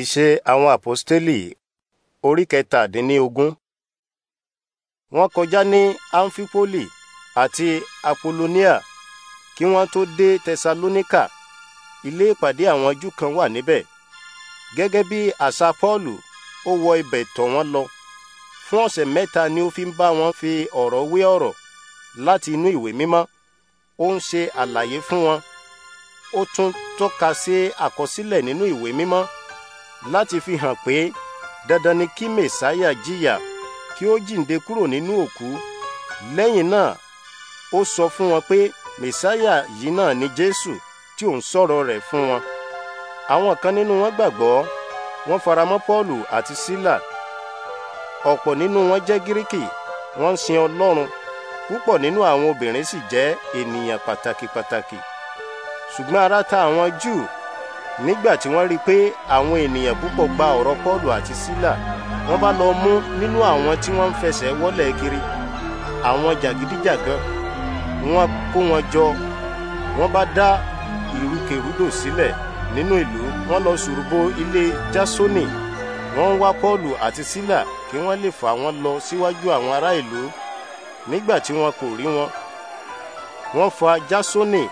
Ìṣe àwọn àpọ́stélì orí kẹtàdínlógún. Wọ́n kọjá ní Amfipoli àti Apolonia kí wọ́n tó dé Tẹsalóníkà. Ilé ìpàdé àwọn Júù kan wà níbẹ̀. Gẹ́gẹ́ bí àṣà Pọ́ọ̀lù, ó wọ ibẹ̀ tọ̀ wọ́n lọ. Fún ọ̀sẹ̀ mẹ́ta ni ó fi ń bá wọn fi ọ̀rọ̀ wé ọ̀rọ̀ láti inú ìwé mímọ́. Ó ń ṣe àlàyé fún wọn. Ó tún tọ́ka sí àkọsílẹ̀ nínú ìwé mímọ́ láti fi hàn pé dandan ni kí mèsáyà jìyà kí ó jíǹde kúrò nínú òkú lẹ́yìn náà ó sọ fún wọn pé mèsáyà yìí náà ni jésù tí òun sọ̀rọ̀ rẹ̀ fún wọn àwọn kan nínú wọn gbàgbọ́ wọ́n faramọ́ pọ́ọ̀lù àti sílà ọ̀pọ̀ nínú wọn jẹ́ gíríkì wọ́n ń sin ọlọ́run púpọ̀ nínú àwọn obìnrin sì jẹ́ ènìyàn pàtàkì pàtàkì ṣùgbọ́n ara ta àwọn júù nígbà tí wọ́n rí i pé àwọn ènìyàn púpọ̀ gba ọ̀rọ̀ Pọ́ọ̀lù àti Sílà wọ́n bá lọ mú nínú àwọn tí wọ́n ń fẹsẹ̀ wọ́lẹ̀ kiri àwọn jàgídíjàgan wọ́n kó wọn jọ wọ́n bá dá ìrúkèrúdò sílẹ̀ nínú ìlú wọ́n lọ ṣùrùbọ ilé Jásónì wọ́n ń wá Pọ́ọ̀lù àti Sílà kí wọ́n lè fà wọ́n lọ síwájú àwọn ará ìlú nígbà tí wọn kò rí wọn wọ́n fa Jásónì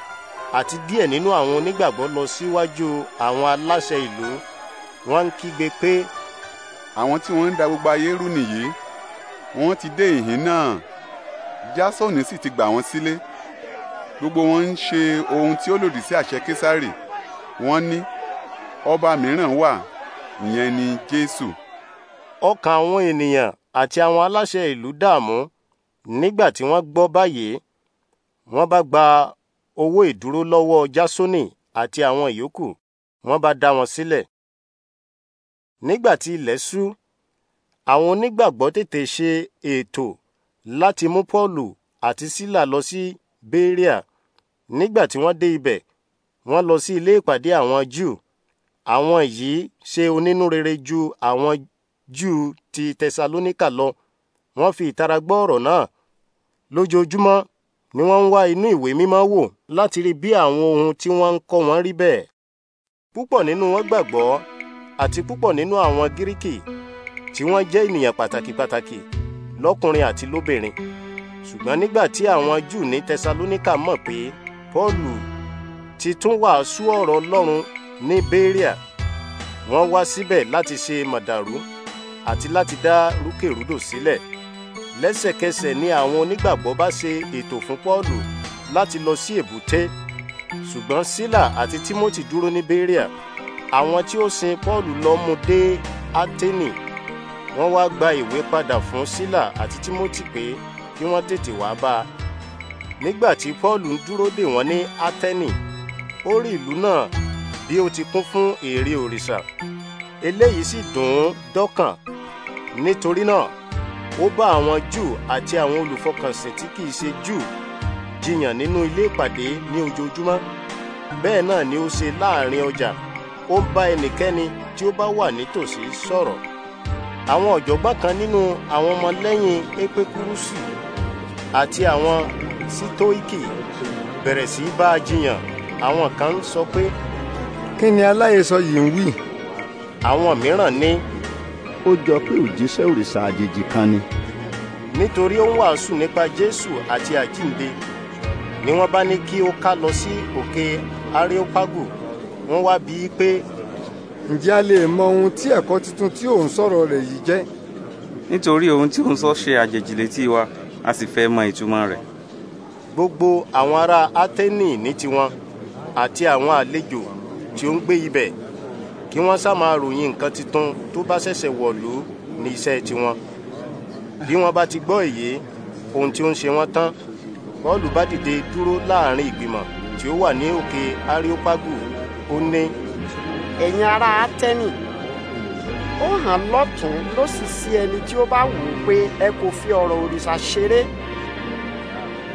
àti díẹ̀ nínú àwọn onígbàgbọ́ lọ síwájú àwọn aláṣẹ ìlú wọ́n ń kígbe pé. àwọn tí wọ́n ń da gbogbo ayé rú nìyí wọ́n ti dé ìhín náà jásọ̀nì sì ti gbà wọ́n sílé gbogbo wọn ń ṣe ohun tí ó lòdì sí àṣẹ késárì wọ́n ní ọba mìíràn wà ìyẹn ni jésù. ọkàn àwọn ènìyàn àti àwọn aláṣẹ ìlú dààmú nígbà tí wọ́n gbọ́ báyìí wọ́n bá gba owó ìdúró lọ́wọ́ jásónì àti àwọn ìyókù wọ́n bá dá wọn sílẹ̀. nígbà tí ilẹ̀ ṣú àwọn onígbàgbọ́ tètè ṣe ètò láti mú pọ́ọ̀lù àti sílà lọ sí bẹ́ríà nígbà tí wọ́n dé ibẹ̀ wọ́n lọ sí ilé ìpàdé àwọn júù àwọn yìí ṣe onínúrere ju àwọn júù ti tẹsalóníkà lọ wọ́n fi ìtara gbọ́ ọ̀rọ̀ náà lójoojúmọ́ ni wọ́n ń wá inú ìwé mímọ́ wò láti rí bí àwọn ohun tí wọ́n ń kọ́ wọn rí bẹ́ẹ̀. Púpọ̀ nínú wọn gbàgbọ́ àti púpọ̀ nínú àwọn Gíríkì tí wọ́n jẹ́ ènìyàn pàtàkì pàtàkì lọ́kùnrin àti lóbìnrin. Ṣùgbọ́n nígbà tí àwọn Júù ní Tẹsalóníkà mọ̀ pé Pọ́ọ̀lù ti tún wàásù ọ̀rọ̀ Ọlọ́run ní Béríà, wọ́n wá síbẹ̀ láti ṣe màdàrú àti láti dá rúkèrúdò sílẹ̀. Si lẹ́sẹ̀kẹsẹ̀ ni àwọn onígbàgbọ́ bá ṣe ètò fún Pọ́ọ̀lù láti lọ sí èbúté ṣùgbọ́n Sílà àti Tímótì dúró ní Béríà àwọn tí ó sin Pọ́ọ̀lù lọ mú dé Áténì wọ́n wá gba ìwé padà fún Sílà àti Tímótì pé kí wọ́n tètè wá bá a nígbà tí Pọ́ọ̀lù ń dúró dè wọ́n ní Áténì ó rí ìlú náà bí ó ti kún fún ère òrìṣà eléyìí sì dùn ún dọ́kàn nítorí náà ó bá àwọn Júù àti àwọn olùfọkànsìn tí kìí ṣe Júù jiyàn nínú ilé ìpàdé ní ojoojúmọ́ bẹ́ẹ̀ náà ni ó ṣe láàrin ọjà ó ń bá ẹnikẹ́ni tí ó bá wà nítòsí sọ̀rọ̀ àwọn ọ̀jọ̀gbọ́n kan nínú àwọn ọmọlẹ́yìn epekurusi àti àwọn sitoiki bẹ̀rẹ̀ sí bá a jiyàn àwọn kan sọ pé. kí ni aláhesọ yìí ń wí. àwọn mìíràn ní ó jọ pé òjíṣẹ́ òrìṣà àjèjì kan ni. nítorí ó ń wàásù nípa jésù àti àjínde ni wọ́n bá ní kí ó ká lọ sí òkè areopagu wọ́n wá bí i pé. ǹjẹ́ a lè mọ ohun tí ẹ̀kọ́ tuntun tí ò ń sọ̀rọ̀ rẹ̀ yìí jẹ́. nítorí ohun tí ò ń sọ ṣe àjèjì létí wa a sì fẹ́ mọ ìtumọ̀ rẹ̀. gbogbo àwọn ará Áténì ní tiwọn àti àwọn àlejò tí ó ń gbé ibẹ̀ kí wọ́n sá máa ròyìn nǹkan titun tó bá ṣẹ̀ṣẹ̀ wọ̀lú ní iṣẹ́ tiwọn bí wọ́n bá ti gbọ́ èyí ohun tí ó ń ṣe wọ́n tán Pọ́ọ̀lù bá dìde dúró láàrin ìgbìmọ̀ tí ó wà ní òkè Areopagu ó ní. ẹ̀yin ará Átẹ́nì ó hàn lọ́tún ló sì sí ẹni tí ó bá wù ú pé ẹ kò fi ọ̀rọ̀ òrìṣà ṣeré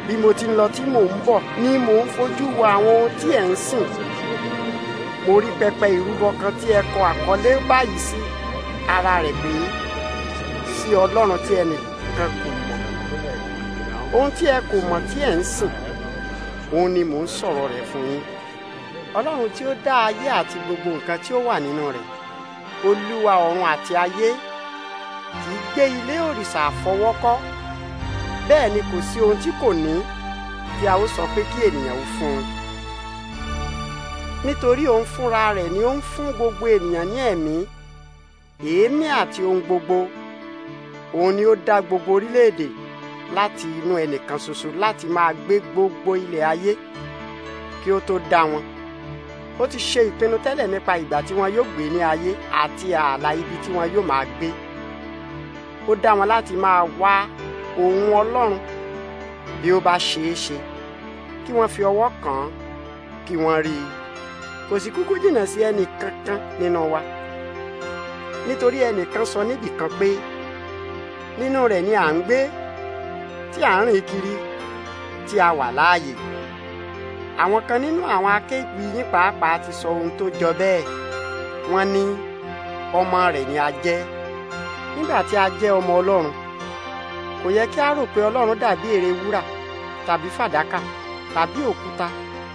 bí mo ti lọ tí mò ń bọ̀ ni mò ń fojú wo àwọn ohun tí ẹ̀ ń sìn mo pẹpẹ ìrúbọ kan tí ẹ kọ àkọlé báyìí sí ara rẹ̀ pé sí ọlọ́run tí ẹnì kan kò mọ̀ ohun tí ẹ kò mọ̀ tí ẹ ń sìn òun ni mò ń sọ̀rọ̀ rẹ̀ fún yín ọlọ́run tí ó dá ayé àti gbogbo nǹkan tí ó wà nínú rẹ̀ olúwa ọ̀run àti ayé kì í gbé ilé òrìṣà àfọwọ́kọ́ bẹ́ẹ̀ ni kò sí ohun tí kò ní tí a ó sọ pé kí ènìyàn ó fún un nítorí òun fúnra rẹ̀ ni ó ń fún gbogbo ènìyàn ní ẹ̀mí èémí àti ohun gbogbo òun ni ó dá gbogbo orílẹ̀-èdè láti inú ẹnìkan ṣoṣo láti máa gbé gbogbo ilẹ̀ ayé kí ó tó dá wọn ó ti ṣe ìpinnu tẹ́lẹ̀ nípa ìgbà tí wọn yóò gbé ní ayé àti ààlà ibi tí wọn yóò máa gbé ó dá wọn láti máa wá òun ọlọ́run bí ó bá ṣeé ṣe kí wọ́n fi ọwọ́ kàn án kí wọ́n rí i kò sì kúkú jìnnà sí ẹnì kankan nínú wa nítorí ẹnìkan sọ níbì kan pé nínú rẹ̀ ni à ń gbé tí à ń rìn kiri tí a wà láàyè àwọn kan nínú àwọn akéwì yín pàápàá ti sọ ohun tó jọ bẹ́ẹ̀ wọ́n ní ọmọ rẹ̀ ni a jẹ́ nígbà tí a jẹ́ ọmọ Ọlọ́run kò yẹ kí a rò pé Ọlọ́run dàbí ère wúrà tàbí fàdákà tàbí òkúta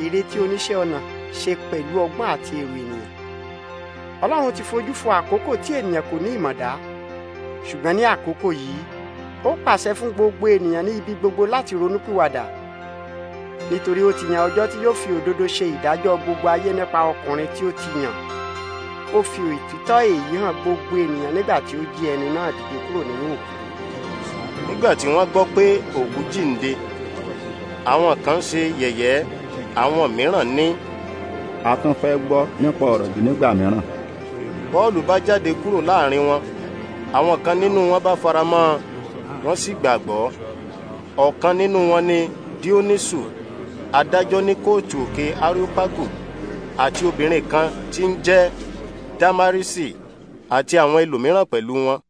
ère tí oníṣẹ́ ọnà ṣe pẹ̀lú ọgbọ́n àti èrò ènìyàn ọlọ́run ti fojú fo àkókò tí ènìyàn kò ní ìmọ̀dá ṣùgbọ́n ní àkókò yìí ó pàṣẹ fún gbogbo ènìyàn ní ibi gbogbo láti ronúpìwàdà nítorí ó ti yan ọjọ́ tí yóò fi òdodo ṣe ìdájọ́ gbogbo ayé nípa ọkùnrin tí ó ti yàn ó fi òtítọ́ èyí hàn gbogbo ènìyàn nígbà tí ó jí ẹni náà dìde kúrò nínú òkú. nígbà tí wọ́n gbọ́ pé òkú jíǹde àwọn kan ṣe yẹ̀yẹ́ àwọn mìíràn ní a tún fẹ́ gbọ́ nípa ọ̀rọ̀ yìí nígbà mìíràn. Pọ́ọ̀lù bá jáde kúrò láàrin wọn àwọn kan nínú wọn bá fara mọ́ wọn sì gbàgbọ́ ọ̀kan nínú wọn ni Dionisu adájọ́ ní kóòtù òkè Areopago àti obìnrin kan tí ń jẹ́ Damarisi àti àwọn ẹlòmíràn pẹ̀lú wọn